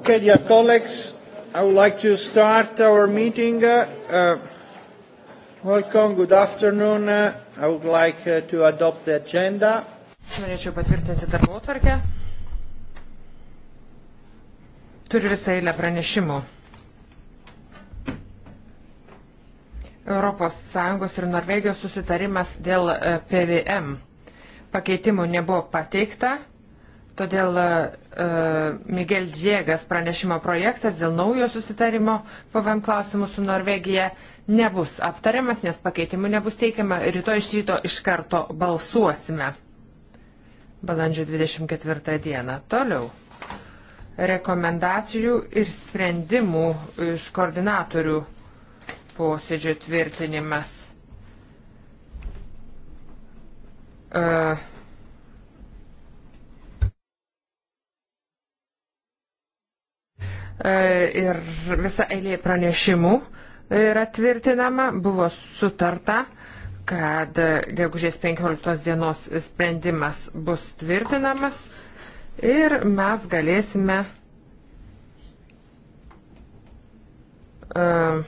Okay, dear colleagues, I would like to start our meeting. Uh, uh, welcome, good afternoon. Uh, I would like uh, to adopt the agenda. Norėčiau patvirtinti darbo tvarkę. Turiu visą eilę pranešimų. ES ir Norvegijos susitarimas dėl e, PVM pakeitimų nebuvo pateikta Todėl uh, Miguel Džiegas pranešimo projektas dėl naujo susitarimo PVM klausimų su Norvegija nebus aptariamas, nes pakeitimų nebus teikiama. Rytoj iš ryto iš karto balsuosime. Balandžio 24 dieną. Toliau. Rekomendacijų ir sprendimų iš koordinatorių posėdžio tvirtinimas. Uh, E, ir visa eilė pranešimų e, yra tvirtinama, buvo sutarta, kad e, gegužės 15 dienos sprendimas bus tvirtinamas ir mes galėsime uh,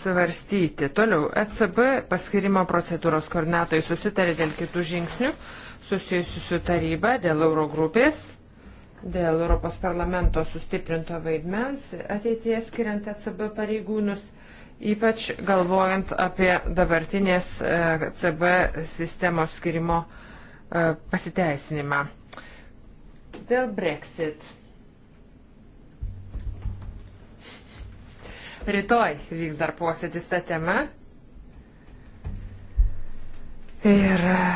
svarstyti. Toliau, ECB paskirimo procedūros koordinatai susitarė dėl kitų žingsnių susijusių su taryba, dėl eurogrupės dėl Europos parlamento sustiprinto vaidmens ateitie skiriant ECB pareigūnus, ypač galvojant apie dabartinės e, ECB sistemos skirimo e, pasiteisinimą. Dėl Brexit. Rytoj vyks dar posėdis tą temą. Ir e,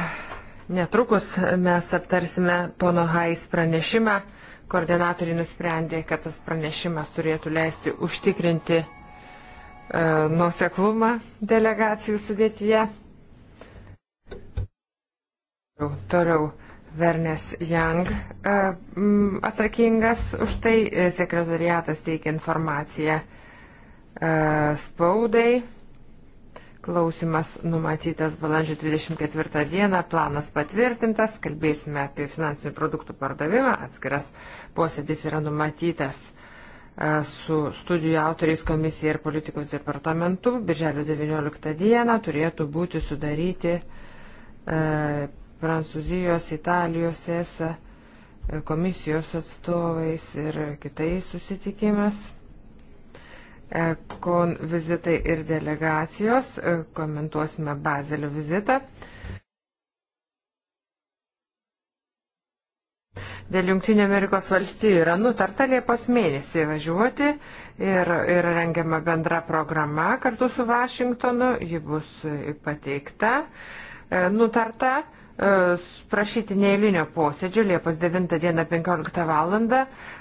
netrukus mes aptarsime pono Hais pranešimą Koordinatoriai nusprendė, kad tas pranešimas turėtų leisti užtikrinti e, nuoseklumą delegacijų sudėtyje. Toliau Vernes Jang e, atsakingas už tai, sekretariatas teikia informaciją e, spaudai Klausimas numatytas balandžio 24 dieną, planas patvirtintas, kalbėsime apie finansinių produktų pardavimą, atskiras posėdis yra numatytas e, su studijų autoriais komisija ir politikos departamentu. Birželio 19 dieną turėtų būti sudaryti e, Prancūzijos, Italijos, ESA e, komisijos atstovais ir kitais susitikimas kon vizitai ir delegacijos, komentuosime Bazelio vizitą. Dėl Junktinio Amerikos valstijų yra nutarta Liepos mėnesį važiuoti ir, ir rengiama bendra programa kartu su Vašingtonu, ji bus pateikta. E, nutarta e, prašyti neįlinio posėdžio Liepos 9 dieną 15 val.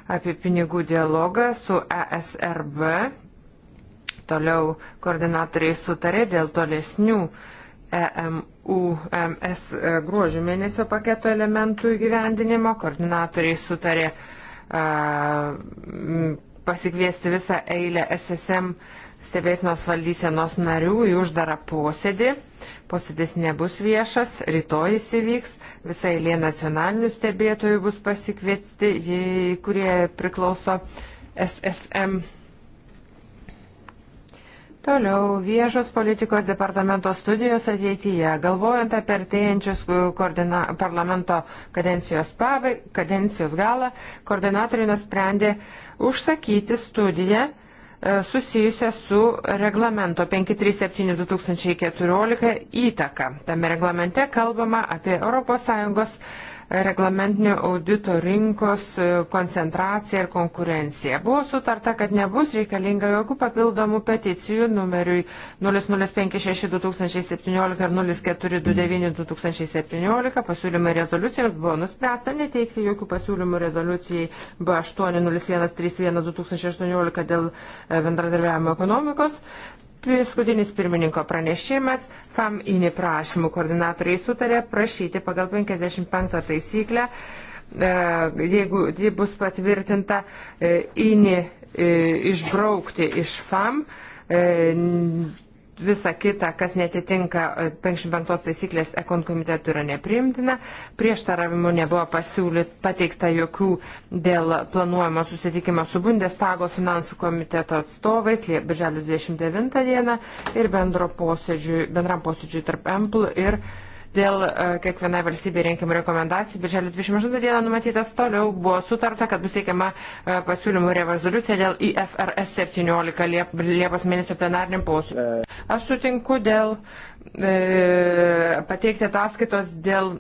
apie pinigų dialogą su ESRB Toliau koordinatoriai sutarė dėl tolesnių EMUMS e e, gruožių mėnesio paketo elementų įgyvendinimo. Koordinatoriai sutarė a, e, pasikviesti visą eilę SSM stebėsinos valdysenos narių į uždarą posėdį. Posėdis nebus viešas, rytoj jis įvyks, visa eilė nacionalinių stebėtojų bus pasikviesti, kurie priklauso SSM Toliau viešos politikos departamento studijos ateityje. Galvojant apie artėjančius e, koordina, parlamento kadencijos, pabai, kadencijos galą, koordinatoriai nusprendė užsakyti studiją e, susijusią su reglamento 537-2014 įtaka. Tame reglamente kalbama apie ES reglamentinio audito rinkos e, koncentracija ir konkurencija. Buvo sutarta, kad nebus reikalinga jokių papildomų peticijų numeriui 0056-2017 ir 0429-2017 pasiūlymai rezoliucijoms buvo nuspręsta neteikti jokių pasiūlymų rezoliucijai B80131-2018 dėl e, bendradarbiavimo ekonomikos. Paskutinis pirmininko pranešimas. FAM įni prašymų koordinatoriai sutarė prašyti pagal 55 taisyklę, e, jeigu ji bus patvirtinta, e, įni e, išbraukti iš FAM visa kita, kas netitinka 55 e, taisyklės ekon komitetų yra nepriimtina. Prieštaravimų nebuvo pasiūlyt pateikta jokių dėl planuojamo susitikimo su Bundestago finansų komiteto atstovais birželio 29 dieną ir bendro posėdžiui, bendram posėdžiui tarp EMPL ir Dėl e, kiekvienai valstybei renkiamų rekomendacijų, birželio 28 dieną numatytas toliau buvo sutarta, kad bus teikiama e, pasiūlymų rezoliucija dėl IFRS 17 Liep, Liepos mėnesio plenariniam posėdžiui. Aš sutinku dėl e, pateikti ataskaitos dėl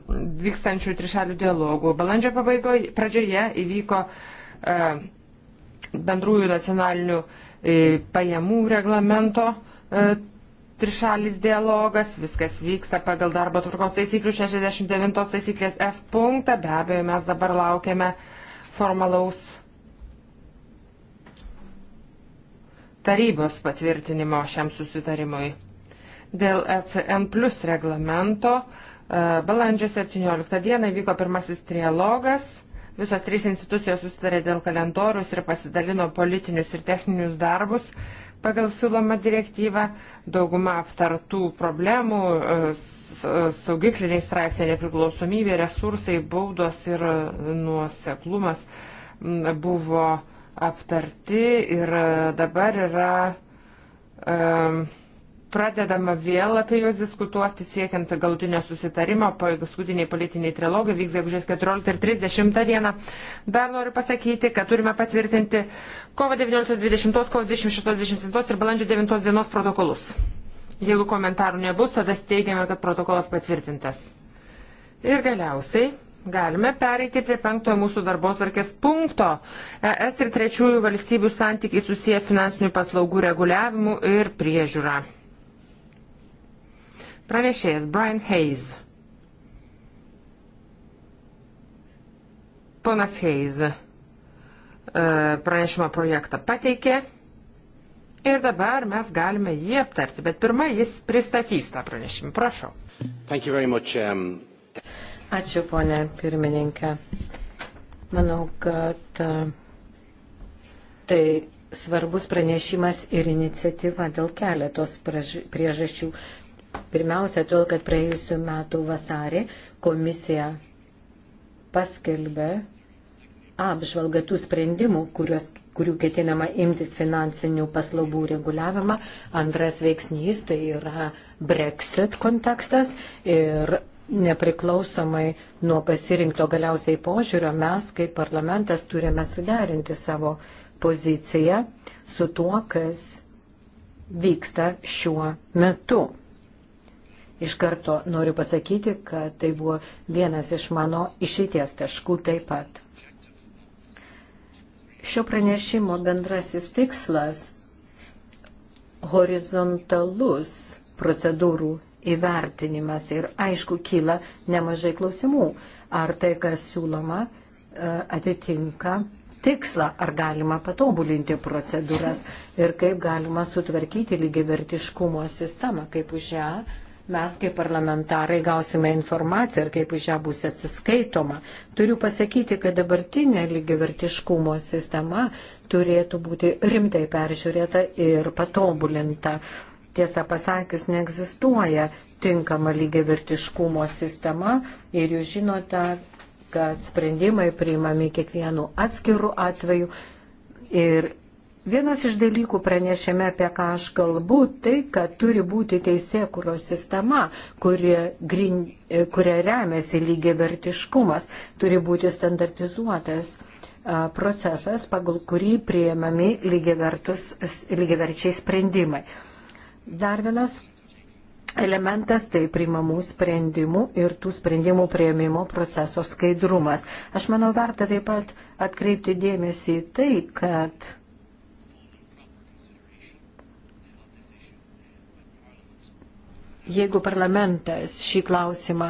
vykstančių trišalių dialogų. Balandžio pabaigoje, pradžioje įvyko e, bendrųjų nacionalinių e, pajamų reglamento. E, trišalis dialogas, viskas vyksta pagal darbo tvarkos taisyklių 69 taisyklės F punktą. Be abejo, mes dabar laukiame formalaus tarybos patvirtinimo šiam susitarimui. Dėl ECN plus reglamento e, balandžio 17 dieną vyko pirmasis trialogas. Visos trys institucijos susitarė dėl kalendorius ir pasidalino politinius ir techninius darbus pagal siūlomą direktyvą. Dauguma aptartų problemų, e, e, saugikliniai straipsniai, nepriklausomybė, resursai, baudos ir nuoseklumas buvo aptarti ir e, dabar yra. Um, pradedama vėl apie juos diskutuoti, siekiant galutinio susitarimo, paskutiniai politiniai trilogai vyks gegužės 14 ir 30 dieną. Dar noriu pasakyti, kad turime patvirtinti kovo 19, 20, kovo 26, 27 ir balandžio 9 dienos protokolus. Jeigu komentarų nebus, tada steigiame, kad protokolas patvirtintas. Ir galiausiai. Galime pereiti prie penktojo mūsų darbos varkės punkto. ES ir trečiųjų valstybių santykiai susiję finansinių paslaugų reguliavimu ir priežiūra. Pranešėjas Brian Hayes. Ponas Hayes e, pranešimo projektą pateikė ir dabar mes galime jį aptarti, bet pirmai jis pristatys tą pranešimą. Prašau. Much, um... Ačiū, ponė pirmininkė. Manau, kad e, tai svarbus pranešimas ir iniciatyva dėl keletos priežasčių. Pirmiausia, todėl, kad praėjusiu metu vasarį komisija paskelbė apžvalgą tų sprendimų, kuriuos, kurių ketinama imtis finansinių paslaugų reguliavimą. Antras veiksnys tai yra Brexit kontekstas ir nepriklausomai nuo pasirinkto galiausiai požiūrio mes kaip parlamentas turime suderinti savo poziciją su tuo, kas vyksta šiuo metu. Iš karto noriu pasakyti, kad tai buvo vienas iš mano išeities taškų taip pat. Šio pranešimo bendrasis tikslas - horizontalus procedūrų įvertinimas ir aišku kyla nemažai klausimų, ar tai, kas siūloma, e, atitinka tikslą, ar galima patobulinti procedūras ir kaip galima sutvarkyti lygivertiškumo sistemą, kaip už ją mes kaip parlamentarai gausime informaciją ir kaip už ją bus atsiskaitoma. Turiu pasakyti, kad dabartinė lygivertiškumo sistema turėtų būti rimtai peržiūrėta ir patobulinta. Tiesą pasakius, neegzistuoja tinkama lygivertiškumo sistema ir jūs žinote, kad sprendimai priimami kiekvienu atskiru atveju ir Vienas iš dalykų pranešėme, apie ką aš kalbu, tai, kad turi būti teisėkuros sistema, kuri, grin, kuria remiasi lygiai vertiškumas, turi būti standartizuotas procesas, pagal kurį prieimami lygiaverčiai sprendimai. Dar vienas elementas tai primamų sprendimų ir tų sprendimų prieimimo proceso skaidrumas. Aš manau, verta taip pat atkreipti dėmesį į tai, kad Jeigu parlamentas šį klausimą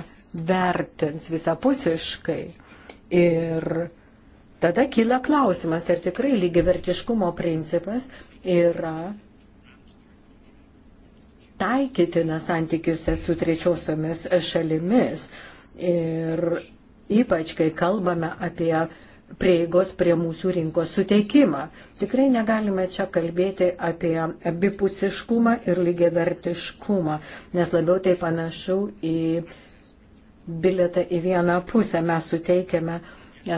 vertins visapusiškai ir tada kyla klausimas, ar tikrai lygivertiškumo principas yra taikytina santykiuose su trečiosiomis šalimis. Ir ypač, kai kalbame apie prieigos prie mūsų rinkos suteikimą. Tikrai negalime čia kalbėti apie abipusiškumą ir lygiavertiškumą, nes labiau tai panašu į biletą į vieną pusę. Mes suteikiame e,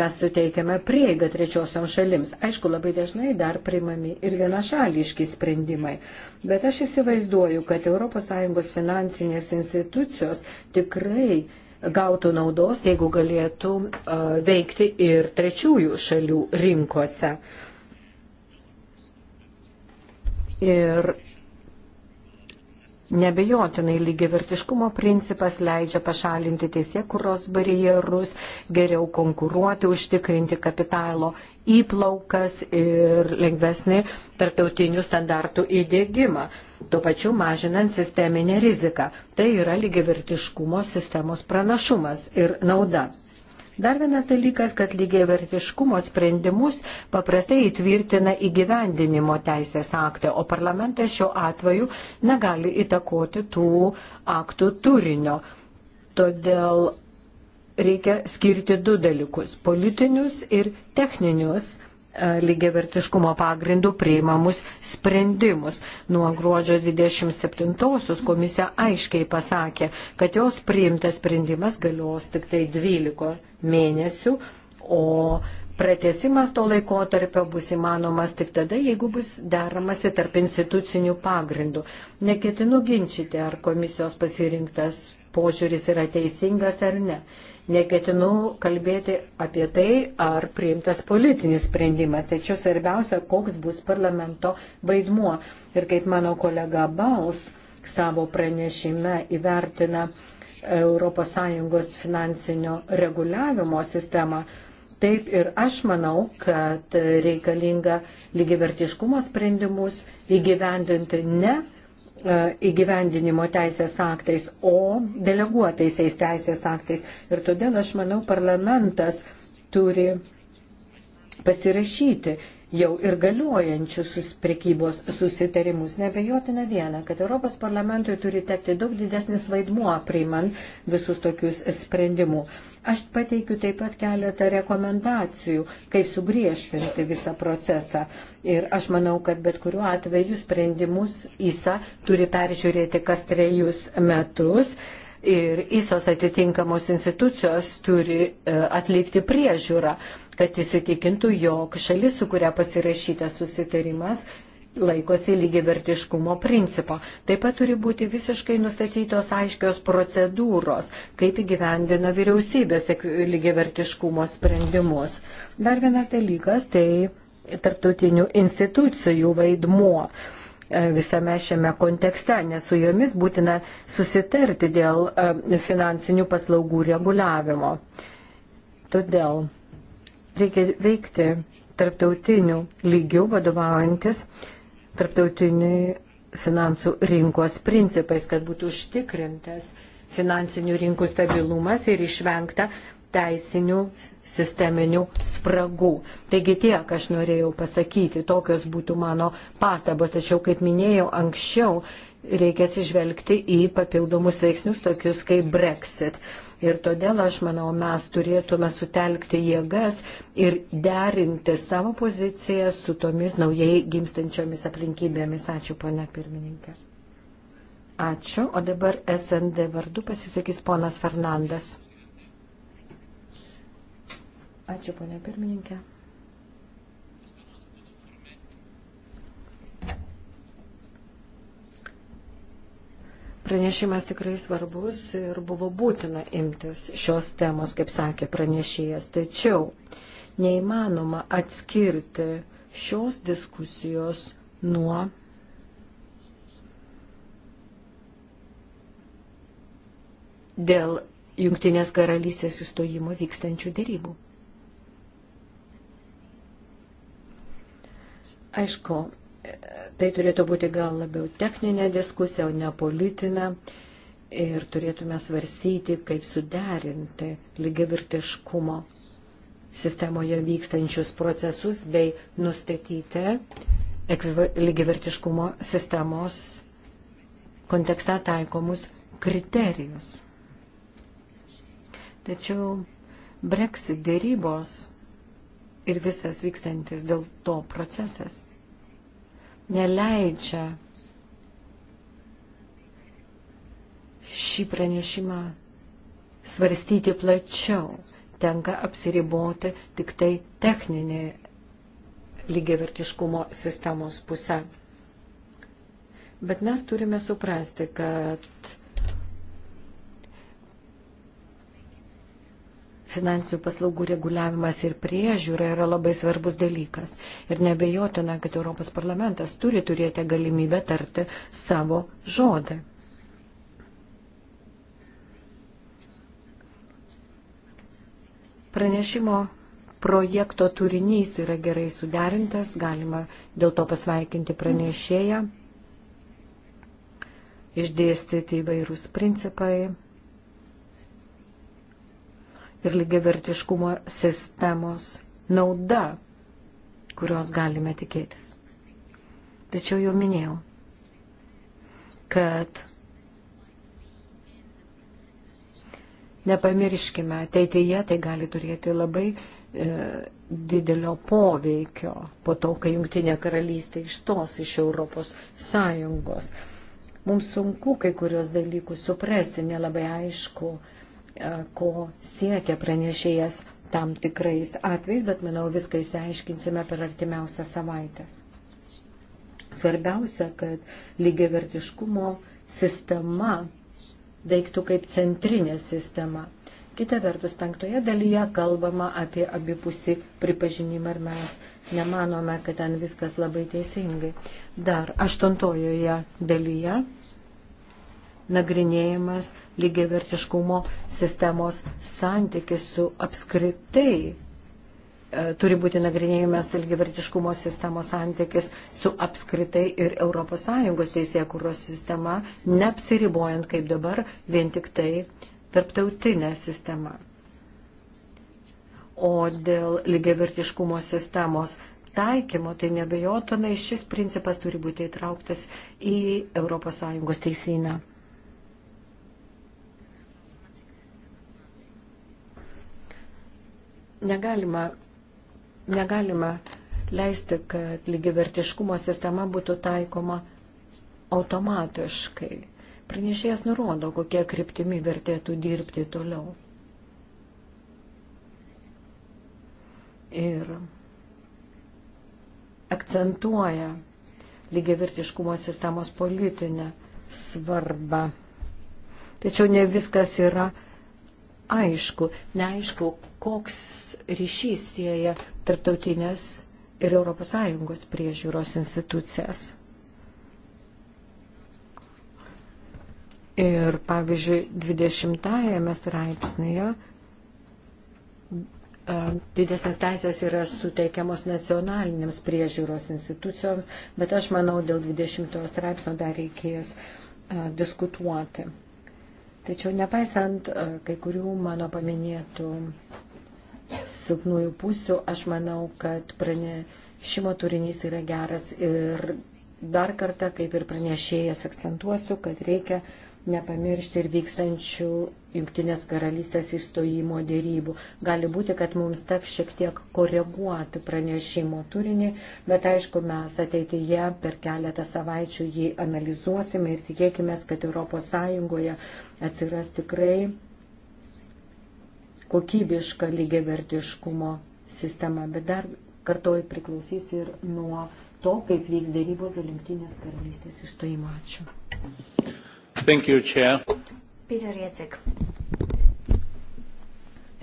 mes suteikiame prieigą trečiosiam šalims. Aišku, labai dažnai dar primami ir vienašališki sprendimai. Bet aš įsivaizduoju, kad ES finansinės institucijos tikrai uh, gautų naudos, jeigu galėtų veikti ir trečiųjų šalių rinkose. Ir Nebejotinai lygiavertiškumo principas leidžia pašalinti teisėkuros barjerus, geriau konkuruoti, užtikrinti kapitalo įplaukas ir lengvesnį tarptautinių standartų įdėgymą, tuo pačiu mažinant sisteminę riziką. Tai yra lygiavertiškumo sistemos pranašumas ir nauda. Dar vienas dalykas, kad lygiai vertiškumo sprendimus paprastai įtvirtina įgyvendinimo teisės aktą, o parlamentas šiuo atveju negali įtakoti tų aktų turinio. Todėl reikia skirti du dalykus - politinius ir techninius E, lygiavertiškumo pagrindų priimamus sprendimus. Nuo gruodžio 27-osios komisija aiškiai pasakė, kad jos priimtas sprendimas galios tik tai 12 mėnesių, o pratesimas to laikotarpio bus įmanomas tik tada, jeigu bus deramasi tarp institucinių pagrindų. Neketinu ginčyti, ar komisijos pasirinktas požiūris yra teisingas ar ne. Neketinu kalbėti apie tai, ar priimtas politinis sprendimas, tačiau svarbiausia, koks bus parlamento vaidmuo. Ir kaip mano kolega Bals savo pranešime įvertina ES finansinio reguliavimo sistemą, Taip ir aš manau, kad reikalinga lygivertiškumo sprendimus įgyvendinti ne E, įgyvendinimo teisės aktais, o deleguotaisiais teisės aktais. Ir todėl aš manau, parlamentas turi pasirašyti jau ir galiojančius sus prekybos susitarimus. Nebejotina viena, kad Europos parlamentui turi tekti daug didesnis vaidmuo priimant visus tokius sprendimus. Aš pateikiu taip pat keletą rekomendacijų, kaip sugriežtinti visą procesą. Ir aš manau, kad bet kuriuo atveju sprendimus ISA turi peržiūrėti kas trejus metus ir visos atitinkamos institucijos turi e, atlikti priežiūrą, kad įsitikintų, jog šalis, su kuria pasirašytas susitarimas, laikosi lygivertiškumo principo. Taip pat turi būti visiškai nustatytos aiškios procedūros, kaip įgyvendina vyriausybės lygivertiškumo sprendimus. Dar vienas dalykas - tai tarptautinių institucijų vaidmuo. E, visame šiame kontekste, nes su jomis būtina susitarti dėl e, finansinių paslaugų reguliavimo. Todėl reikia veikti tarptautinių lygių vadovaujantis tarptautiniai finansų rinkos principais, kad būtų užtikrintas finansinių rinkų stabilumas ir išvengta teisinių sisteminių spragų. Taigi tiek aš norėjau pasakyti, tokios būtų mano pastabos, tačiau kaip minėjau anksčiau, reikia atsižvelgti į papildomus veiksnius, tokius kaip Brexit. Ir todėl aš manau, mes turėtume sutelkti jėgas ir derinti savo poziciją su tomis naujai gimstančiomis aplinkybėmis. Ačiū, ponia pirmininkė. Ačiū. O dabar SND vardu pasisakys ponas Fernandas. Ačiū, ponė pirmininkė. Pranešimas tikrai svarbus ir buvo būtina imtis šios temos, kaip sakė pranešėjas. Tačiau neįmanoma atskirti šios diskusijos nuo dėl Jungtinės karalystės įstojimo vykstančių dėrybų. Aišku, tai turėtų būti gal labiau techninė diskusija, o ne politinė. Ir turėtume svarsyti, kaip suderinti lygiavirtiškumo sistemoje vykstančius procesus bei nustatyti lygiavirtiškumo sistemos kontekste taikomus kriterijus. Tačiau Brexit dėrybos ir visas vykstantis dėl to procesas neleidžia šį pranešimą svarstyti plačiau. Tenka apsiriboti tik tai techninį lygiavertiškumo sistemos pusę. Bet mes turime suprasti, kad finansinių paslaugų reguliavimas ir priežiūra yra labai svarbus dalykas. Ir nebejotina, kad Europos parlamentas turi turėti galimybę tarti savo žodį. Pranešimo projekto turinys yra gerai suderintas, galima dėl to pasveikinti pranešėją, išdėstyti įvairūs principai ir lygiavertiškumo sistemos nauda, kurios galime tikėtis. Tačiau jau minėjau, kad nepamirškime, ateityje tai gali turėti labai e, didelio poveikio po to, kai Junktinė karalystė išstos iš Europos Sąjungos. Mums sunku kai kurios dalykus suprasti, nelabai aišku, e, E, ko siekia pranešėjas tam tikrais atvejais, bet manau viską įsiaiškinsime per artimiausias savaitės. Svarbiausia, kad lygiavertiškumo sistema veiktų kaip centrinė sistema. Kita vertus, penktoje dalyje kalbama apie abipusį pripažinimą ir mes nemanome, kad ten viskas labai teisingai. Dar aštuntojoje dalyje nagrinėjimas lygiavertiškumo sistemos santykis su apskritai e, turi būti nagrinėjimas ilgivertiškumo sistemos santykis su apskritai ir ES teisėje, kurios sistema, neapsiribojant kaip dabar, vien tik tai tarptautinė sistema. O dėl lygiavertiškumo sistemos taikymo, tai nebejotinai šis principas turi būti įtrauktas į ES teisyną. negalima, negalima leisti, kad lygivertiškumo sistema būtų taikoma automatiškai. Pranešėjas nurodo, kokie kryptimi vertėtų dirbti toliau. Ir akcentuoja lygiavirtiškumo sistemos politinę svarbą. Tačiau ne viskas yra aišku. Neaišku, koks ryšys sieja tarptautinės ir ES priežiūros institucijas. Ir pavyzdžiui, 20-ąją straipsnėje didesnės teisės yra suteikiamos nacionalinėms priežiūros institucijoms, bet aš manau, dėl 20 straipsnio dar reikės a, diskutuoti. Tačiau nepaisant a, kai kurių mano paminėtų silpnųjų pusių, aš manau, kad pranešimo turinys yra geras ir dar kartą, kaip ir pranešėjas, akcentuosiu, kad reikia nepamiršti ir vykstančių Junktinės karalystės įstojimo dėrybų. Gali būti, kad mums teks šiek tiek koreguoti pranešimo turinį, bet aišku, mes ateityje per keletą savaičių jį analizuosime ir tikėkime, kad ES atsiras tikrai kokybišką lygiavertiškumo sistemą, bet dar kartuoju priklausys ir nuo to, kaip vyks dėrybos dėl jungtinės karalystės išstojimo. Ačiū. Thank you, Chair. Peter Riecik.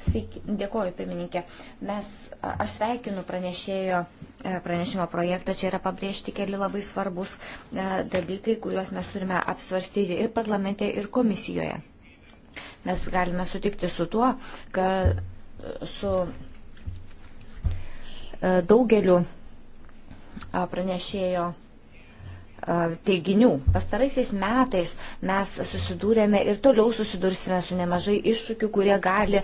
Sveiki, dėkoju, pirmininkė. Mes, aš sveikinu pranešėjo, e, pranešimo projektą. Čia yra pabrėžti keli labai svarbus e, dalykai, kuriuos mes turime apsvarstyti ir parlamente, ir komisijoje. Mes galime sutikti su tuo, kad su e, daugeliu pranešėjo teiginių. Pastaraisiais metais mes susidūrėme ir toliau susidursime su nemažai iššūkių, kurie gali e,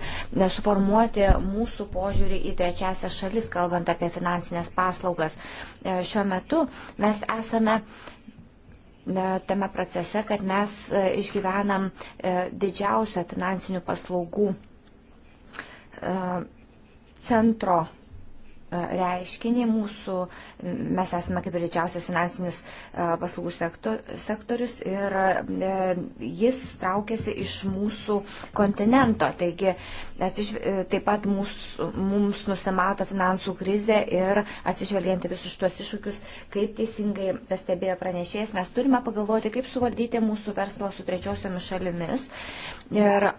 suformuoti mūsų požiūrį į trečiasią šalis, kalbant apie finansinės paslaugas. E, šiuo metu mes esame E, tame procese, kad mes e, išgyvenam e, didžiausio finansinių paslaugų centro E, reiškinį. Mūsų, mes esame kaip ir didžiausias finansinis e, paslaugų sektorius ir e, jis traukėsi iš mūsų kontinento. Taigi taip pat mūsų, mums nusimato finansų krizė ir atsižvelgiant į visus tuos iššūkius, kaip teisingai pastebėjo pranešėjas, mes turime pagalvoti, kaip suvaldyti mūsų verslą su trečiosiomis šalimis. Ir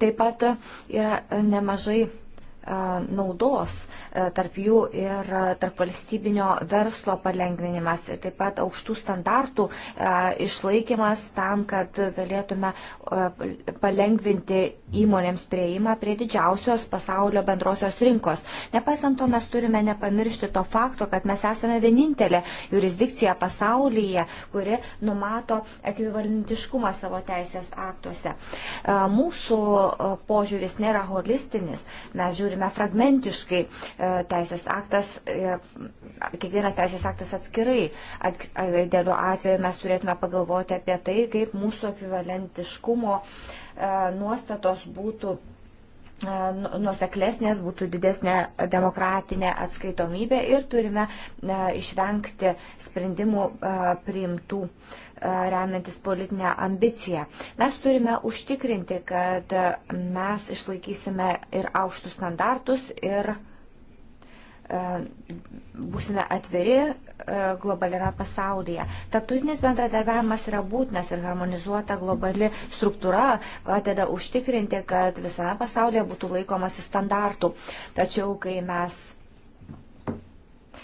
Taip pat yra nemažai naudos, tarp jų ir tarp valstybinio verslo palengvinimas, taip pat aukštų standartų išlaikymas tam, kad galėtume palengvinti įmonėms prieimą prie didžiausios pasaulio bendrosios rinkos. Nepaisant to, mes turime nepamiršti to fakto, kad mes esame vienintelė jurisdikcija pasaulyje, kuri numato ekvivalentiškumą savo teisės aktuose. Mūsų požiūris nėra holistinis. Mes žiūrime turime fragmentiškai e, teisės aktas, e, kiekvienas teisės aktas atskirai. Dėliu atveju mes turėtume pagalvoti apie tai, kaip mūsų ekvivalentiškumo e, nuostatos būtų nu, nuoseklesnės, būtų didesnė demokratinė atskaitomybė ir turime išvengti sprendimų priimtų remiantis politinę ambiciją. Mes turime užtikrinti, kad mes išlaikysime ir aukštus standartus, ir e, būsime atviri e, globaliame pasaulyje. Tarptautinis bendradarbiavimas yra būtinas ir harmonizuota globali struktūra padeda užtikrinti, kad visame pasaulyje būtų laikomasi standartų. Tačiau, kai mes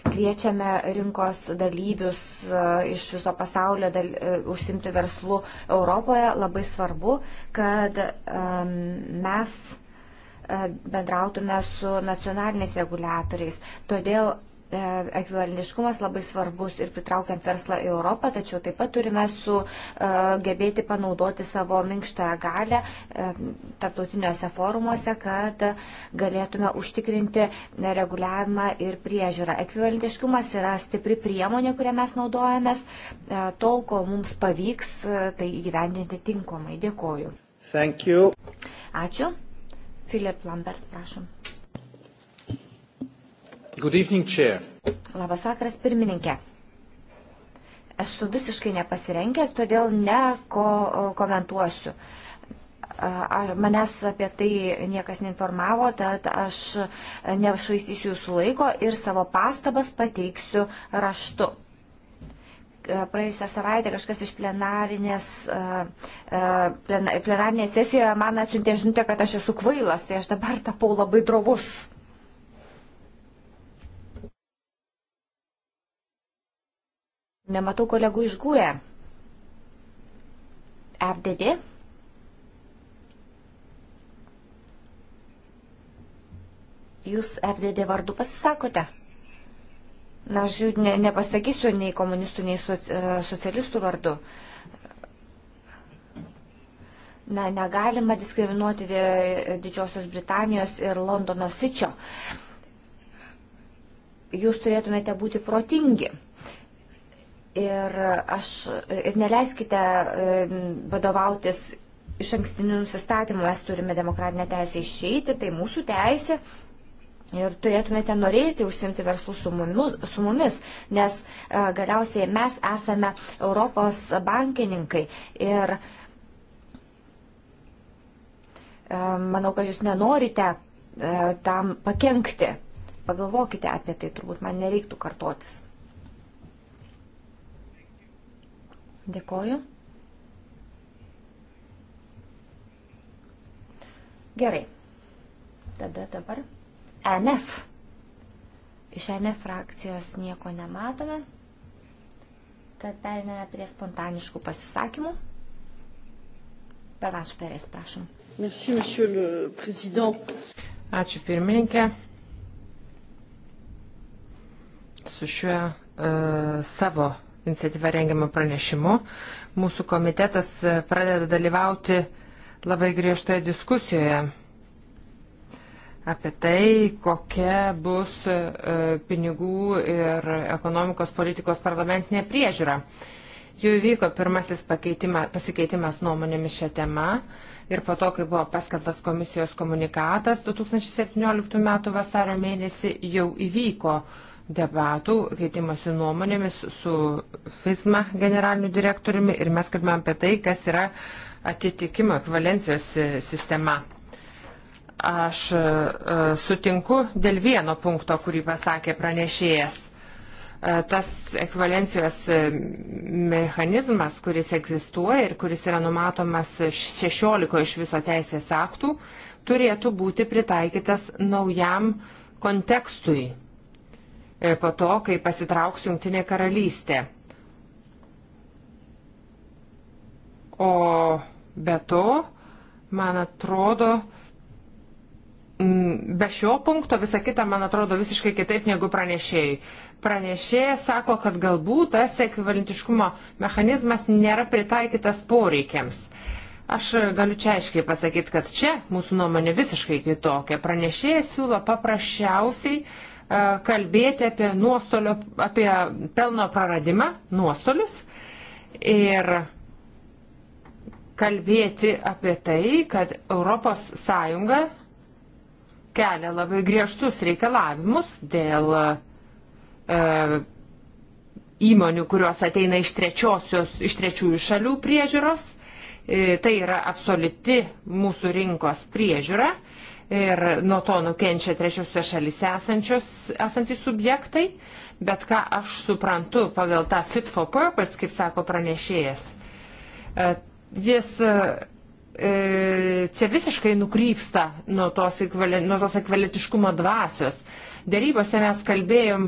Kviečiame rinkos dalyvius e, iš viso pasaulio dal, e, užsimti verslų Europoje. Labai svarbu, kad mes e, bendrautume su nacionaliniais reguliatoriais. Todėl E, ekvivalentiškumas labai svarbus ir pritraukiant verslą į Europą, tačiau taip pat turime sugebėti e, panaudoti savo minkštąją galę e, tarptautiniuose forumuose, kad galėtume užtikrinti reguliavimą ir priežiūrą. Ekvivalentiškumas yra stipri priemonė, kurią mes naudojamės, tol, kol mums pavyks tai įgyvendinti tinkamai. Dėkoju. Ačiū. Filip Lambers, prašom. Good evening, Chair. Labas vakaras, pirmininkė. Esu visiškai nepasirenkęs, todėl nekomentuosiu. Ko manęs apie tai niekas neinformavo, tad aš nešvaistysiu jūsų laiko ir savo pastabas pateiksiu raštu. Praėjusią savaitę kažkas iš plenarinės, plenarinės sesijoje man atsiuntė žinutę, kad aš esu kvailas, tai aš dabar tapau labai drovus. Nematau kolegų iš GUE. FDD? Jūs FDD vardu pasisakote? Na, aš jų ne, nepasakysiu nei komunistų, nei soc, e, socialistų vardu. Na, negalima diskriminuoti Didžiosios Britanijos ir Londono sičio. Jūs turėtumėte būti protingi. Ir, aš, ir neleiskite vadovautis iš ankstinių nusistatymų, mes turime demokratinę teisę išeiti, tai mūsų teisė. Ir turėtumėte norėti užsimti verslų su, mumu, su mumis, nes a, e, galiausiai mes esame Europos bankininkai. Ir a, e, manau, kad jūs nenorite a, e, tam pakenkti. Pagalvokite apie tai, turbūt man nereiktų kartotis. Dėkoju. Gerai. Tada dabar e NF. Iš e NF frakcijos nieko nematome. Tad perėmėme prie spontaniškų pasisakymų. Panaš perės, prašom. Merci, monsieur le président. Ačiū pirmininkė. Su šiuo uh, savo iniciatyva rengiamą pranešimu. Mūsų komitetas e, pradeda dalyvauti labai griežtoje diskusijoje apie tai, kokia bus e, pinigų ir ekonomikos politikos parlamentinė priežiūra. Jau įvyko pirmasis pasikeitimas nuomonėmis šią temą ir po to, kai buvo paskeltas komisijos komunikatas 2017 m. vasario mėnesį, jau įvyko uh, debatų, keitimosi nuomonėmis su FISMA generaliniu direktoriumi ir mes kalbėjome apie tai, kas yra atitikimo ekvalencijos sistema. Aš e, sutinku dėl vieno punkto, kurį pasakė pranešėjas. E, tas ekvalencijos e, mechanizmas, kuris egzistuoja ir kuris yra numatomas 16 iš viso teisės aktų, turėtų būti pritaikytas naujam kontekstui E, po to, kai pasitrauks Junktinė karalystė. O be to, man atrodo, mm, be šio punkto visa kita, man atrodo, visiškai kitaip negu pranešėjai. Pranešėjas sako, kad galbūt tas ekvivalentiškumo mechanizmas nėra pritaikytas poreikiams. Aš galiu čia aiškiai pasakyti, kad čia mūsų nuomonė visiškai kitokia. Pranešėjas siūlo paprasčiausiai uh, E, kalbėti apie nuostolio, apie pelno praradimą, nuostolius ir kalbėti apie tai, kad ES kelia labai griežtus reikalavimus dėl e, įmonių, kurios ateina iš, iš trečiųjų šalių priežiūros. E, tai yra absoliuti mūsų rinkos priežiūra. E, ir nuo to nukenčia trečiosiuose šalise esančios, esantys subjektai, bet ką aš suprantu pagal tą fit for purpose, kaip sako pranešėjas, e, jis e, e, čia visiškai nukrypsta nuo tos, ekvali, nuo tos ekvalitiškumo dvasios. Darybose mes kalbėjom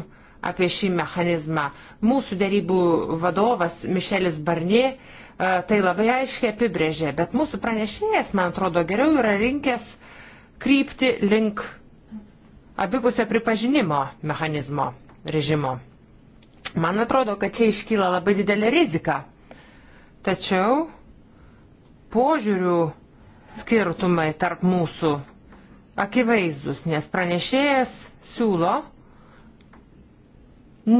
apie šį mechanizmą. Mūsų darybų vadovas Mišelis Barnie tai labai aiškiai apibrėžė, bet mūsų pranešėjas, man atrodo, geriau yra rinkęs uh, krypti link abipusio pripažinimo mechanizmo režimo. Man atrodo, kad čia iškyla labai didelė rizika. Tačiau požiūrių skirtumai tarp mūsų akivaizdus, nes pranešėjas siūlo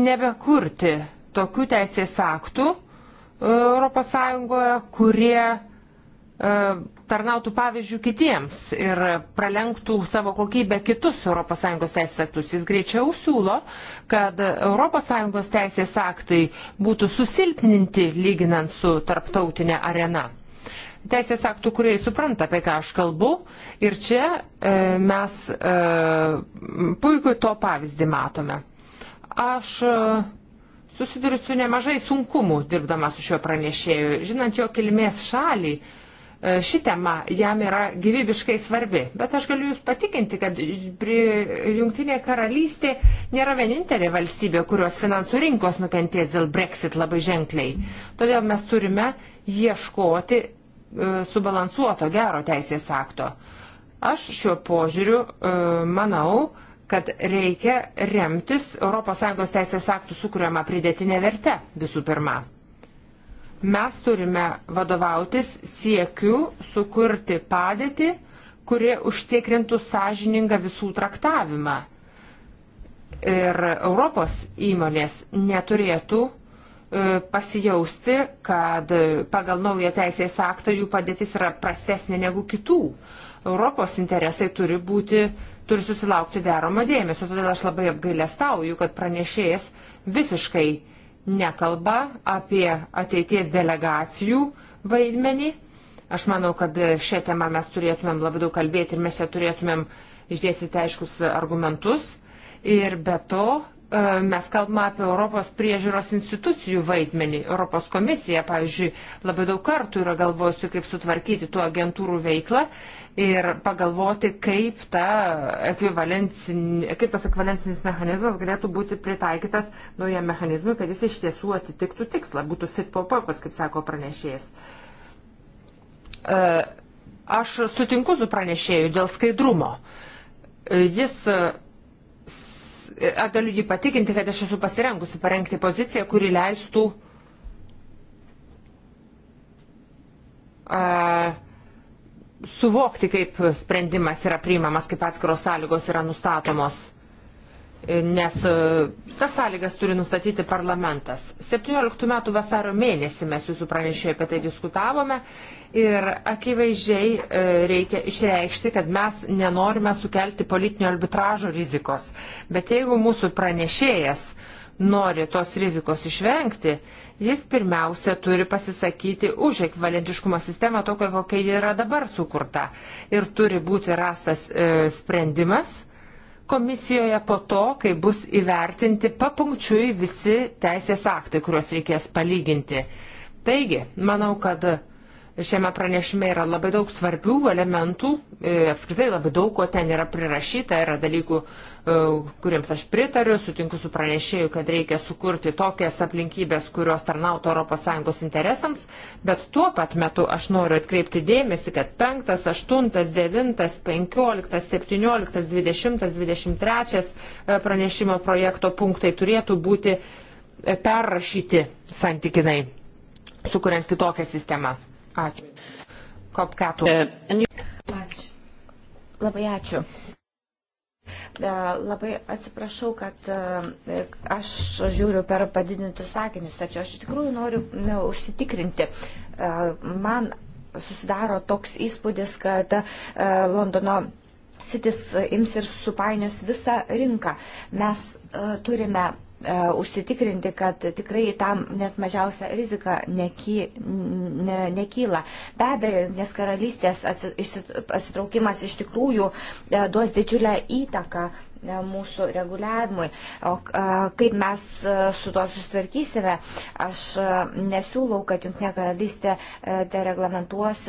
nebekurti tokių teisės aktų ES, kurie E, tarnautų pavyzdžių kitiems ir pralenktų savo kokybę kitus ES teisės aktus. Jis greičiau siūlo, kad ES teisės aktai būtų susilpninti lyginant su tarptautinė arena. Teisės aktų, kurie supranta, apie ką aš kalbu, ir čia e, mes e, puikui to pavyzdį matome. Aš e, susiduriu su nemažai sunkumų dirbdama su šiuo pranešėju, žinant jo kilmės šalį, e, E, ši tema jam yra gyvybiškai svarbi. Bet aš galiu Jūs patikinti, kad Junktinė karalystė nėra vienintelė valstybė, kurios finansų rinkos nukentės dėl Brexit labai ženkliai. Todėl mes turime ieškoti e, subalansuoto gero teisės akto. Aš šiuo požiūriu e, manau, kad reikia remtis ES teisės aktų sukūriamą pridėtinę vertę visų pirma. Mes turime vadovautis siekiu sukurti padėtį, kurie užtikrintų sąžiningą visų traktavimą. Ir Europos įmonės neturėtų e, pasijausti, kad pagal naują teisės aktą jų padėtis yra prastesnė negu kitų. Europos interesai turi būti, turi susilaukti deromo dėmesio, todėl aš labai apgailestauju, kad pranešėjas visiškai uh, nekalba apie ateities delegacijų vaidmenį. Aš manau, kad šią temą mes turėtumėm labai daug kalbėti ir mes čia turėtumėm išdėstyti aiškus argumentus. Ir be to E, mes kalbame apie Europos priežiūros institucijų vaidmenį. Europos komisija, pavyzdžiui, labai daug kartų yra galvojusi, kaip sutvarkyti tų agentūrų veiklą ir pagalvoti, kaip, ta kaip tas ekvivalencinis mechanizmas galėtų būti pritaikytas naujam mechanizmui, kad jis iš tiesų atitiktų tikslą, būtų fit popapas, kaip sako pranešėjas. E, aš sutinku su pranešėju dėl skaidrumo. E, jis galiu jį patikinti, kad aš esu pasirengusi parengti poziciją, kuri leistų a, suvokti, kaip sprendimas yra priimamas, kaip atskiros sąlygos yra nustatomos nes e, tas sąlygas turi nustatyti parlamentas. 17 metų vasario mėnesį mes jūsų pranešėjai apie tai diskutavome ir akivaizdžiai e, reikia išreikšti, kad mes nenorime sukelti politinio arbitražo rizikos. Bet jeigu mūsų pranešėjas nori tos rizikos išvengti, jis pirmiausia turi pasisakyti už ekvalentiškumo sistemą tokią, kokia ji yra dabar sukurta. Ir turi būti rastas e, sprendimas komisijoje po to, kai bus įvertinti papunkčiui visi teisės aktai, kuriuos reikės palyginti. Taigi, manau, kad Šiame pranešime yra labai daug svarbių elementų, e, apskritai labai daug ko ten yra prirašyta, yra dalykų, e, kuriems aš pritariu, sutinku su pranešėju, kad reikia sukurti tokias aplinkybės, kurios tarnautų ES interesams, bet tuo pat metu aš noriu atkreipti dėmesį, kad 5, 8, 9, 15, 17, 20, 23 pranešimo projekto punktai turėtų būti e, perrašyti santykinai, sukuriant kitokią sistemą. Ačiū. Kopkatų. E, ačiū. Labai ačiū. E, labai atsiprašau, kad e, aš žiūriu per padidintus sakinius, tačiau aš iš tikrųjų noriu na, užsitikrinti. Man susidaro toks įspūdis, kad Londono sitis ims ir supainios visą rinką. Mes turime E, užsitikrinti, kad tikrai tam net mažiausia rizika neky, ne, nekyla. Be abejo, nes karalystės atsitraukimas iš tikrųjų e, duos didžiulę įtaką mūsų reguliavimui. O kaip mes su tuo susitvarkysime, aš nesiūlau, kad Junktinė karalystė dereglamentuos,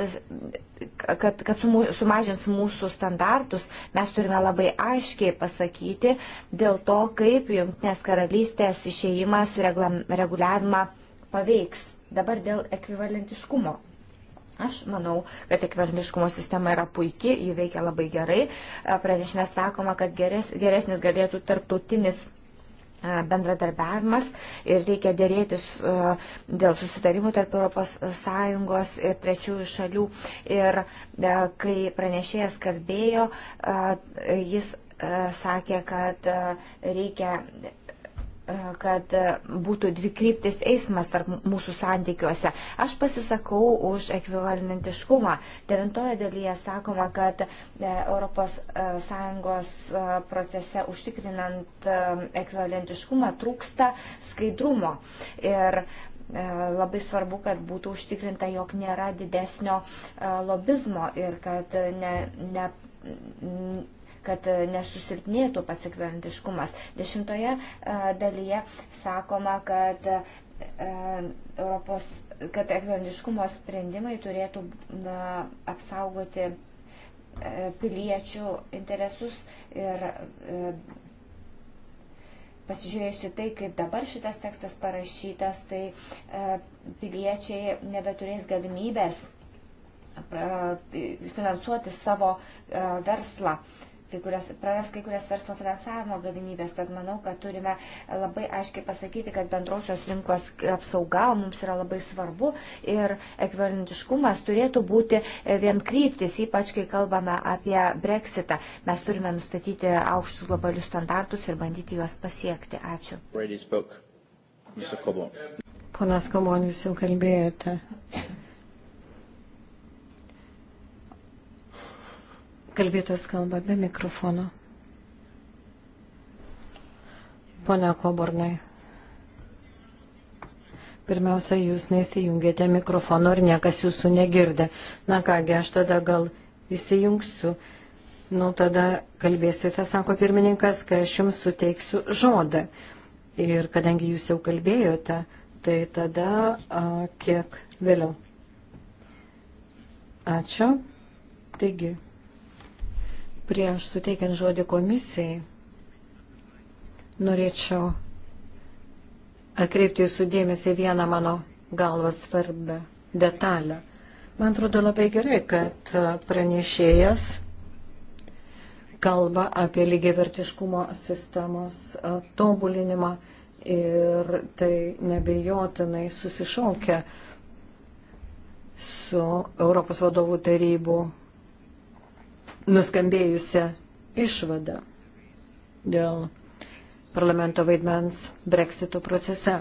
kad, kad sumažins mūsų standartus. Mes turime labai aiškiai pasakyti dėl to, kaip Junktinės karalystės išėjimas reguliavimą paveiks. Dabar dėl ekvivalentiškumo. Aš manau, kad ekvivalentiškumo sistema yra puikia, jį veikia labai gerai. Pranešime sakoma, kad geres, geresnis galėtų tarptautinis bendradarbiavimas ir reikia dėrėtis dėl susitarimų tarp ES ir trečiųjų šalių. Ir kai pranešėjas kalbėjo, jis sakė, kad reikia kad būtų dvikryptis eismas tarp mūsų santykiuose. Aš pasisakau už ekvivalentiškumą. Devintoje dalyje sakoma, kad ES e, e, procese užtikrinant e, ekvivalentiškumą trūksta skaidrumo. Ir labai svarbu, kad būtų užtikrinta, jog nėra didesnio lobizmo ir kad ne. ne kad e, nesusilpnėtų pasikventiškumas. Dešimtoje e, dalyje sakoma, kad e, Europos, kad ekvivalentiškumo sprendimai turėtų na, apsaugoti piliečių interesus ir pasižiūrėjusi tai, kaip dabar šitas tekstas parašytas, tai piliečiai nebeturės galimybės finansuoti savo verslą kai kurias, praras kai kurias verslo finansavimo galimybės. Tad manau, kad turime labai aiškiai pasakyti, kad bendrosios rinkos apsauga mums yra labai svarbu ir ekvivalentiškumas turėtų būti vienkryptis, ypač kai kalbame apie breksitą. Mes turime nustatyti aukštus globalius standartus ir bandyti juos pasiekti. Ačiū. Ponas Komon, jūs jau kalbėjote. Kalbėtojas kalba be mikrofono. Pone Kobornai, pirmiausia, jūs neįsijungėte mikrofono ir niekas jūsų negirdė. Na kągi, aš tada gal įsijungsiu. Nu, tada kalbėsite, sako pirmininkas, kai aš jums suteiksiu žodą. Ir kadangi jūs jau kalbėjote, tai tada a, kiek vėliau. Ačiū. Taigi. Prieš suteikiant žodį komisijai, norėčiau atkreipti jūsų dėmesį vieną mano galvą svarbę detalę. Man atrodo labai gerai, kad pranešėjas kalba apie lygiavertiškumo sistemos tobulinimą ir tai nebejotinai susišaukia su Europos vadovų tarybų nuskambėjusią išvadą dėl parlamento vaidmens breksito procese.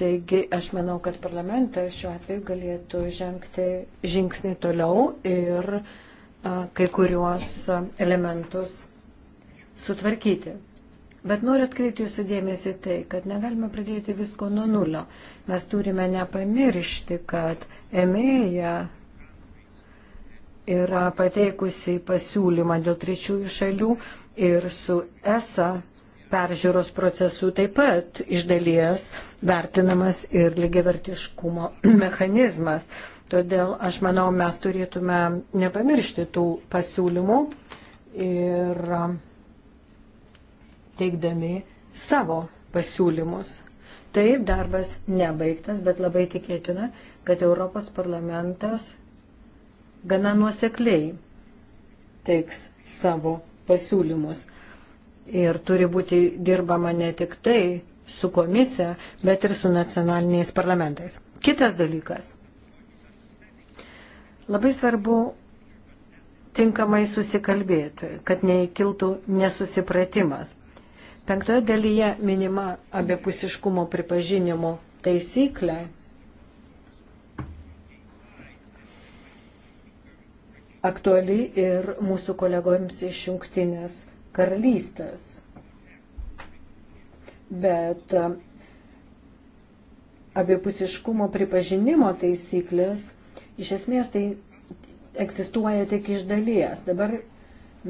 Taigi aš manau, kad parlamentas šiuo atveju galėtų žengti žingsnį toliau ir a, kai kuriuos elementus sutvarkyti. Bet noriu atkreipti jūsų dėmesį tai, kad negalime pradėti visko nuo nulio. Mes turime nepamiršti, kad emėja yra pateikusi pasiūlymą dėl trečiųjų šalių ir su ESA peržiūros procesu taip pat iš dalies vertinamas ir lygiavertiškumo mechanizmas. Todėl aš manau, mes turėtume nepamiršti tų pasiūlymų ir um, teikdami savo pasiūlymus. Taip, darbas nebaigtas, bet labai tikėtina, kad Europos parlamentas gana nuosekliai teiks savo pasiūlymus. Ir turi būti dirbama ne tik tai su komisija, bet ir su nacionaliniais parlamentais. Kitas dalykas. Labai svarbu tinkamai susikalbėti, kad neįkiltų nesusipratimas. Penktoje dalyje minima abipusiškumo pripažinimo taisyklė aktuali ir mūsų kolegoms iš jungtinės karalystės. Bet um, abipusiškumo pripažinimo taisyklės iš esmės tai egzistuoja tik iš dalies. Dabar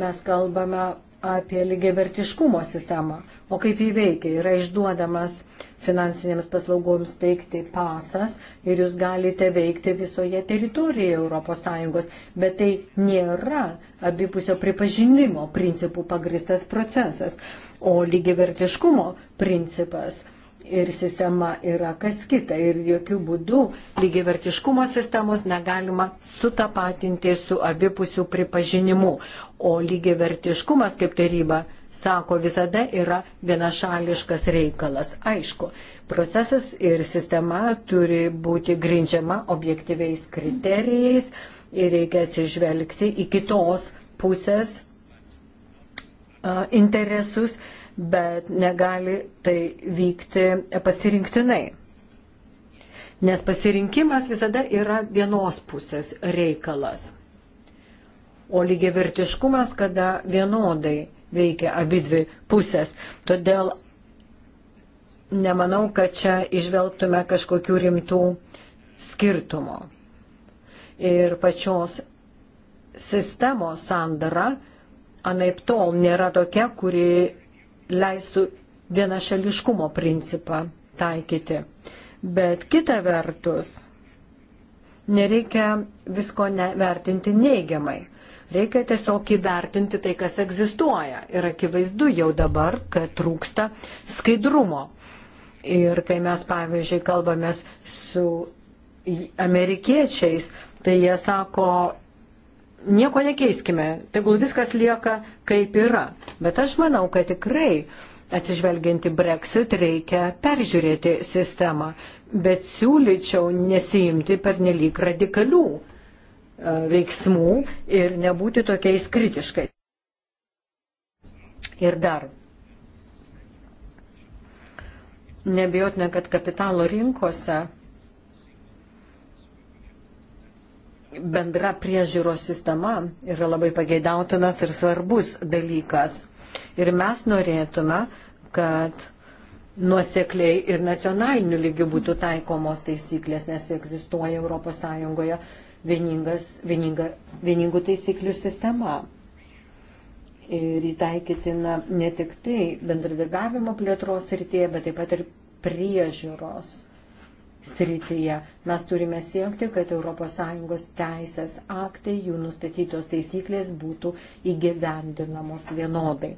mes kalbame apie lygiavertiškumo sistemą, o kaip jį veikia. Yra išduodamas finansinėms paslaugoms teikti pasas ir jūs galite veikti visoje teritorijoje ES, bet tai nėra abipusio pripažinimo principų pagristas procesas, o lygiavertiškumo principas ir sistema yra kas kita. Ir jokių būdų lygivertiškumo sistemos negalima sutapatinti su abipusių pripažinimu. O lygivertiškumas, kaip taryba sako, visada yra vienašališkas reikalas. Aišku, procesas ir sistema turi būti grindžiama objektyviais kriterijais ir reikia atsižvelgti į kitos pusės interesus bet negali tai vykti pasirinktinai. Nes pasirinkimas visada yra vienos pusės reikalas. O lygiavertiškumas, kada vienodai veikia abidvi pusės. Todėl nemanau, kad čia išvelgtume kažkokių rimtų skirtumų. Ir pačios sistemos sandara anaip tol nėra tokia, kuri leistų vienašališkumo principą taikyti. Bet kita vertus, nereikia visko vertinti neigiamai. Reikia tiesiog įvertinti tai, kas egzistuoja. Ir akivaizdu jau dabar, kad trūksta skaidrumo. Ir kai mes, pavyzdžiui, kalbamės su amerikiečiais, tai jie sako, nieko nekeiskime, tegul viskas lieka kaip yra. Bet aš manau, kad tikrai atsižvelgianti Brexit reikia peržiūrėti sistemą, bet siūlyčiau nesijimti per nelik radikalių e, veiksmų ir nebūti tokiais kritiškai. Ir dar. Nebijotina, kad kapitalo rinkose bendra priežiūros sistema yra labai pageidautinas ir svarbus dalykas. Ir mes norėtume, kad nuosekliai ir nacionaliniu lygiu būtų taikomos taisyklės, nes egzistuoja ES vieningas, vieninga, vieningų taisyklių sistema. Ir įtaikytina ne tik tai bendradarbiavimo plėtros rytėje, bet taip pat ir priežiūros srityje. Mes turime siekti, kad ES teisės aktai, jų nustatytos taisyklės būtų įgyvendinamos vienodai.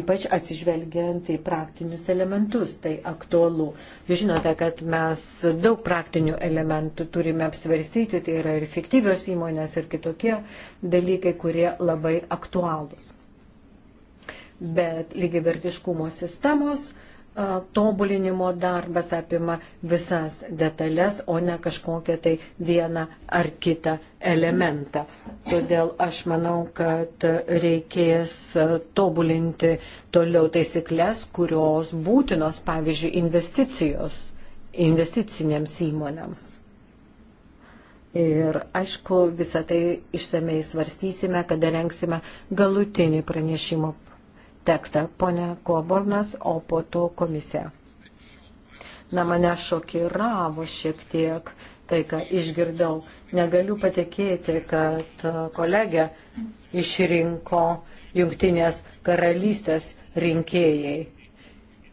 Ypač atsižvelgiant į praktinius elementus, tai aktualu. Jūs žinote, kad mes daug praktinių elementų turime apsvarstyti, tai yra ir fiktyvios įmonės, ir kitokie dalykai, kurie labai aktualūs. Bet lygivertiškumo sistemos uh, tobulinimo darbas apima visas detalės, o ne kažkokią tai vieną ar kitą elementą. Todėl aš manau, kad reikės tobulinti toliau taisyklės, kurios būtinos, pavyzdžiui, investicijos investicinėms įmonėms. Ir aišku, visą tai išsamei svarstysime, kada renksime galutinį pranešimo tekstą. Pone Kobornas, o po to komisija. Na, mane šokiravo šiek tiek tai, ką išgirdau. Negaliu patikėti, kad kolegė išrinko jungtinės karalystės rinkėjai.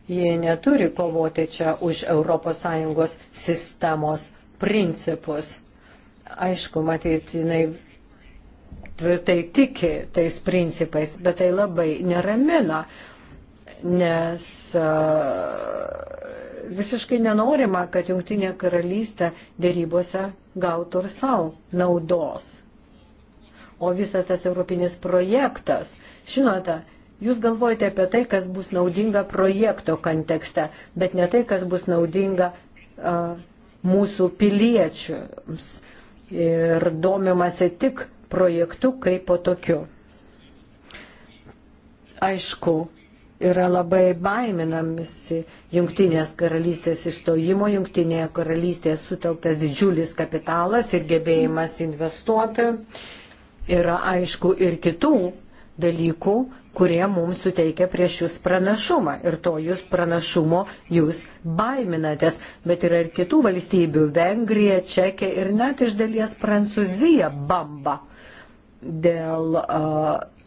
Jie neturi kovoti čia už ES sistemos principus. Aišku, matyt, jinai tvirtai tiki tais principais, bet tai labai neramina, nes visiškai nenorima, kad Junktinė karalystė dėrybose gautų ir savo naudos. O visas tas europinis projektas, žinote, Jūs galvojate apie tai, kas bus naudinga projekto kontekste, bet ne tai, kas bus naudinga uh, mūsų piliečiams. Ir domimasi tik projektu kaip po tokiu. Aišku, yra labai baiminamisi jungtinės karalystės išstojimo, jungtinėje karalystėje sutelktas didžiulis kapitalas ir gebėjimas investuoti. Yra aišku ir kitų dalykų, kurie mums suteikia prieš jūs pranašumą. Ir to jūs pranašumo jūs baiminatės. Bet yra ir kitų valstybių - Vengrija, Čekija ir net iš dalies Prancūzija bamba dėl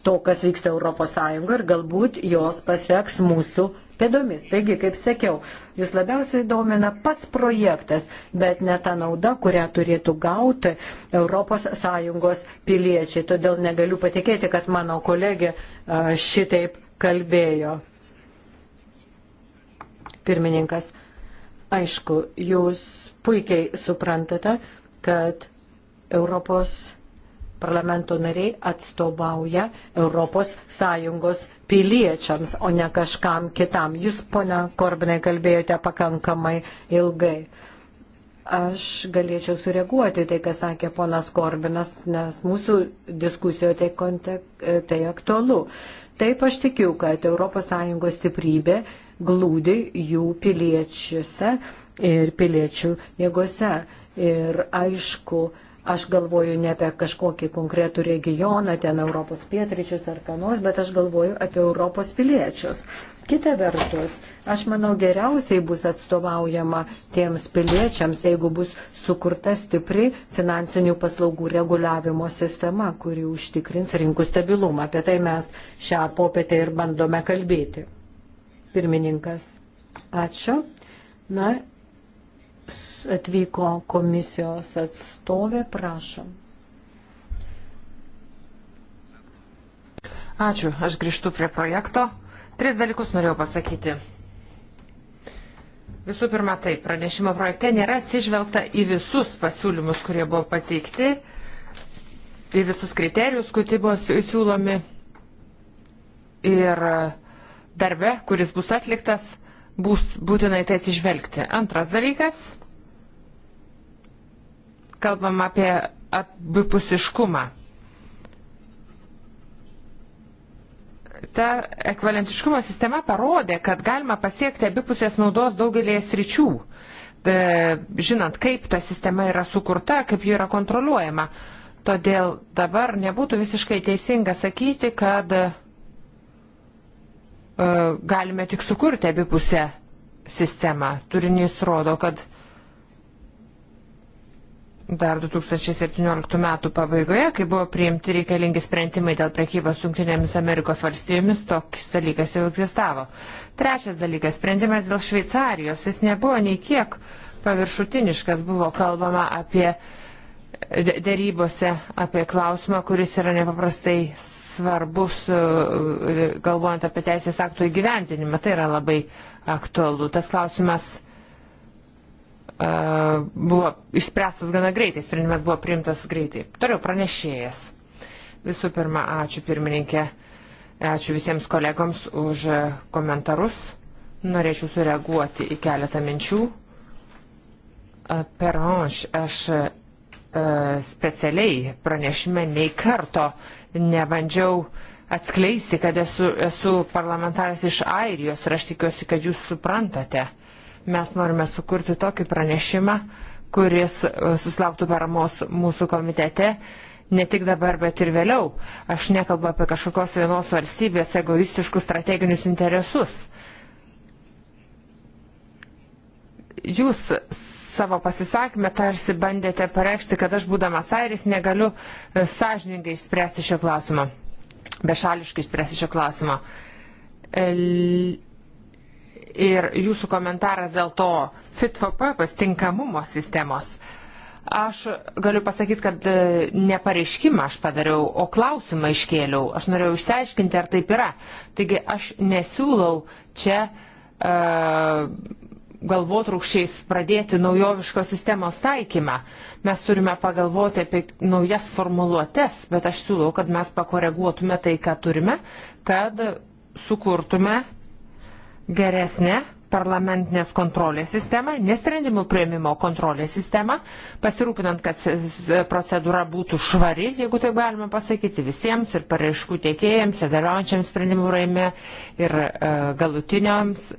to, kas vyksta ES ir galbūt jos paseks mūsų pėdomis. Taigi, kaip sakiau, jūs labiausiai domina pats projektas, bet ne ta nauda, kurią turėtų gauti ES piliečiai. Todėl negaliu patikėti, kad mano kolegė šitaip kalbėjo. Pirmininkas, aišku, jūs puikiai suprantate, kad Europos parlamento nariai atstovauja ES piliečiams, o ne kažkam kitam. Jūs, ponia Korbinai, kalbėjote pakankamai ilgai. Aš galėčiau sureaguoti tai, ką sakė ponas Korbinas, nes mūsų diskusijoje tai, kontek, tai aktualu. Taip aš tikiu, kad ES stiprybė glūdi jų piliečiuose ir piliečių jėgose. Ir aišku, Aš galvoju ne apie kažkokį konkretų regioną, ten Europos pietryčius ar ką nors, bet aš galvoju apie Europos piliečius. Kita vertus, aš manau, geriausiai bus atstovaujama tiems piliečiams, jeigu bus sukurta stipri finansinių paslaugų reguliavimo sistema, kuri užtikrins rinkų stabilumą. Apie tai mes šią popietę ir bandome kalbėti. Pirmininkas. Ačiū. Na atvyko komisijos atstovė, prašom. Ačiū, aš grįžtu prie projekto. Tris dalykus norėjau pasakyti. Visų pirma, taip, pranešimo projekte nėra atsižvelgta į visus pasiūlymus, kurie buvo pateikti, į visus kriterijus, kurie buvo siūlomi. Ir e, darbe, kuris bus atliktas, bus būtinai tai atsižvelgti. Antras dalykas kalbam apie abipusiškumą. Ta ekvalentiškumo sistema parodė, kad galima pasiekti abipusės naudos daugelėje sričių, žinant, kaip ta sistema yra sukurta, kaip ji yra kontroliuojama. Todėl dabar nebūtų visiškai teisinga sakyti, kad e, galime tik sukurti abipusę sistemą. Turinys rodo, kad dar 2017 metų pabaigoje, kai buvo priimti reikalingi sprendimai dėl prekybos Junktinėmis Amerikos valstybėmis, toks dalykas jau egzistavo. Trečias dalykas - sprendimas dėl Šveicarijos. Jis nebuvo nei kiek paviršutiniškas, buvo kalbama apie dėrybose, apie klausimą, kuris yra nepaprastai svarbus, e, galvojant apie teisės aktų įgyventinimą. Tai yra labai aktualu. Tas klausimas buvo išspręstas gana greitai, sprendimas buvo priimtas greitai. Toliau pranešėjas. Visų pirma, ačiū pirmininkė, ačiū visiems kolegoms už komentarus. Norėčiau sureaguoti į keletą minčių. Peranš, aš specialiai pranešime nei karto nebandžiau atskleisti, kad esu, esu parlamentaras iš Airijos ir aš tikiuosi, kad jūs suprantate. Uh, Mes norime sukurti tokį pranešimą, kuris e, susilauktų paramos mūsų komitete ne tik dabar, bet ir vėliau. Aš nekalbu apie kažkokios vienos valstybės egoistiškus strateginius interesus. Jūs savo pasisakymę tarsi bandėte pareikšti, kad aš būdamas airis negaliu e, sąžiningai išspręsti šio klausimo, bešališkai išspręsti šio klausimo. El ir jūsų komentaras dėl to fit for purpose tinkamumo sistemos. Aš galiu pasakyti, kad e, ne pareiškimą aš padariau, o klausimą iškėliau. Aš norėjau išsiaiškinti, ar taip yra. Taigi aš nesiūlau čia uh, e, galvotrukščiais pradėti naujoviškos sistemos taikymą. Mes turime pagalvoti apie naujas formuluotės, bet aš siūlau, kad mes pakoreguotume tai, ką turime, kad sukurtume geresnę parlamentinės kontrolės sistemą, nesprendimų prieimimo kontrolės sistemą, pasirūpinant, kad procedūra būtų švari, jeigu taip galima pasakyti, visiems ir pareiškų tiekėjams, ir dalyvaujančiams sprendimų raime, ir e, galutiniams e,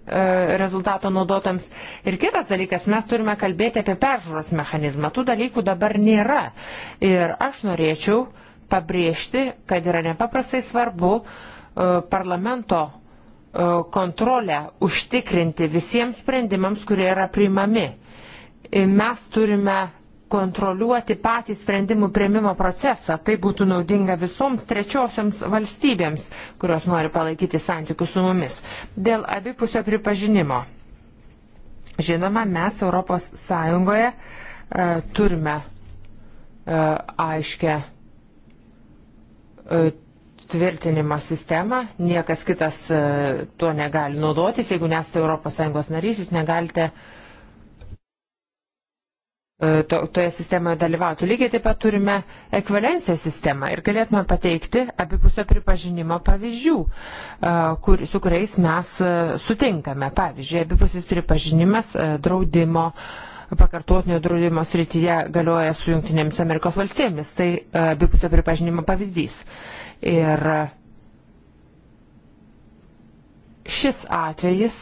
rezultato naudotams. Ir kitas dalykas, mes turime kalbėti apie peržiūros mechanizmą. Tų dalykų dabar nėra. Ir aš norėčiau pabrėžti, kad yra nepaprastai svarbu e, parlamento E, kontrolę užtikrinti visiems sprendimams, kurie yra priimami. E, mes turime kontroliuoti patį sprendimų prieimimo procesą. Tai būtų naudinga visoms trečiosiams valstybėms, kurios nori palaikyti santykius su mumis. Dėl abipusio pripažinimo. Žinoma, mes ES e, turime e, aiškę e, tvirtinimo sistemą, niekas kitas e, tuo negali naudotis, jeigu nesate ES narys, jūs negalite e, to, toje sistemoje dalyvauti. Lygiai taip pat turime ekvivalencijos sistemą ir galėtume pateikti abipusio pripažinimo pavyzdžių, e, kur, su kuriais mes sutinkame. Pavyzdžiui, abipusis pripažinimas draudimo uh, pakartotinio draudimo srityje galioja su Junktinėmis Amerikos valstybėmis. Tai e, abipusio pripažinimo pavyzdys. Ir šis atvejis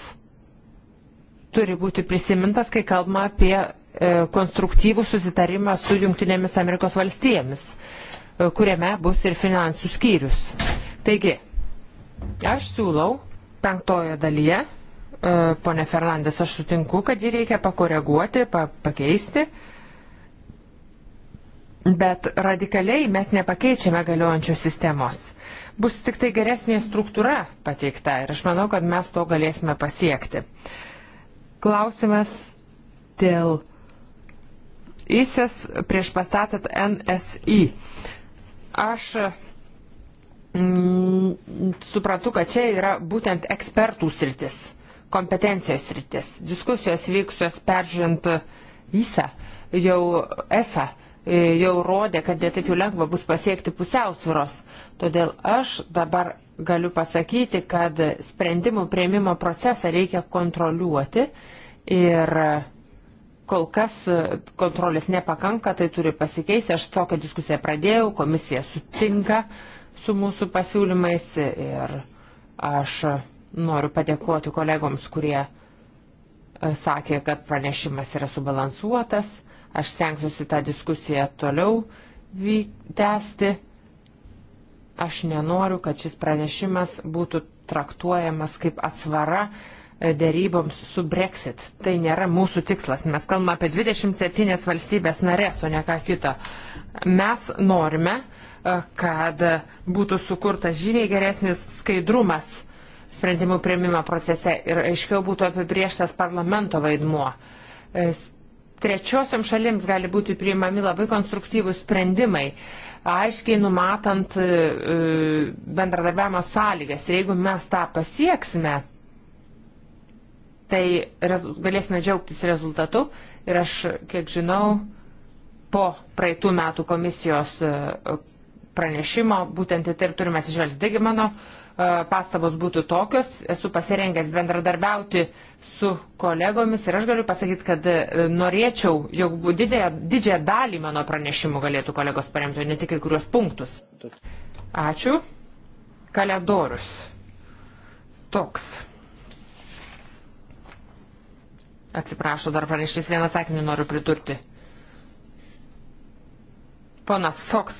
turi būti prisimintas, kai kalbama apie e, konstruktyvų susitarimą su Junktinėmis Amerikos valstijomis, e, kuriame bus ir finansų skyrius. Taigi, aš siūlau penktojo dalyje E, ponė Fernandas, aš sutinku, kad jį reikia pakoreguoti, pa pakeisti. Bet radikaliai mes nepakeičiame galiojančios sistemos. Bus tik tai geresnė struktūra pateikta ir aš manau, kad mes to galėsime pasiekti. Klausimas dėl ISIS prieš pastatat NSI. Aš mm, suprantu, kad čia yra būtent ekspertų sritis. Uh, kompetencijos rytis. Diskusijos vykusios peržiūrint visą, jau esą, e, jau rodė, kad netaip jau lengva bus pasiekti pusiausvyros. Todėl aš dabar galiu pasakyti, kad sprendimų prieimimo procesą reikia kontroliuoti ir kol kas kontrolės nepakanka, tai turi pasikeisti. Aš tokią diskusiją pradėjau, komisija sutinka su mūsų pasiūlymais ir aš Noriu padėkoti kolegoms, kurie e, sakė, kad pranešimas yra subalansuotas. Aš stengsiuosi tą diskusiją toliau tęsti. Aš nenoriu, kad šis pranešimas būtų traktuojamas kaip atsvara e, dėryboms su Brexit. Tai nėra mūsų tikslas. Mes kalbame apie 27 valstybės narės, o ne ką kito. Mes norime, e, kad būtų sukurtas žymiai geresnis skaidrumas sprendimų prieimimo procese ir aiškiau būtų apibrieštas parlamento vaidmuo. E, trečiosiom šalims gali būti priimami labai konstruktyvūs sprendimai, aiškiai numatant e, e, bendradarbiavimo sąlygas. Ir jeigu mes tą pasieksime, tai galėsime džiaugtis rezultatu. Ir aš, kiek žinau, po praeitų metų komisijos pranešimo, būtent į tai ir turime atsižvelgti. Taigi mano e, pastabos būtų tokios, esu pasirengęs bendradarbiauti su kolegomis ir aš galiu pasakyti, kad e, norėčiau, jog didėja, didžiąją dalį mano pranešimų galėtų kolegos paremti, o ne tik kai kurios punktus. Ačiū. Kalendorius. Toks. Atsiprašau, dar pranešys vieną sakinį noriu pridurti. Ponas Fox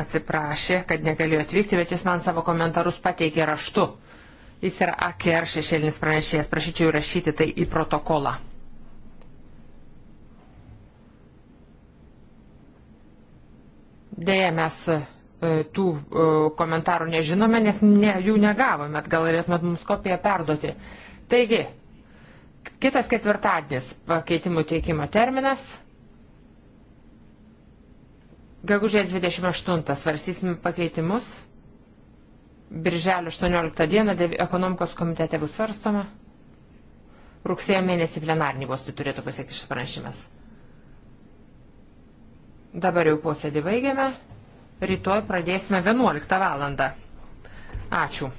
atsiprašė, kad negalėjo atvykti, bet jis man savo komentarus pateikė raštu. Jis yra AKR šešėlinis pranešėjas. Prašyčiau įrašyti tai į protokolą. Deja, mes e, tų e, komentarų nežinome, nes ne, jų negavome, gal galėtumėt mums kopiją perduoti. Taigi, kitas ketvirtadienis pakeitimų teikimo terminas Gegužės 28 svarstysime pakeitimus. Birželio 18 dieną ekonomikos komitete bus svarstoma. Rugsėjo mėnesį plenarnį bus tai turėtų pasiekti šis pranešimas. Dabar jau posėdį baigiame. Rytoj pradėsime 11 valandą. Ačiū.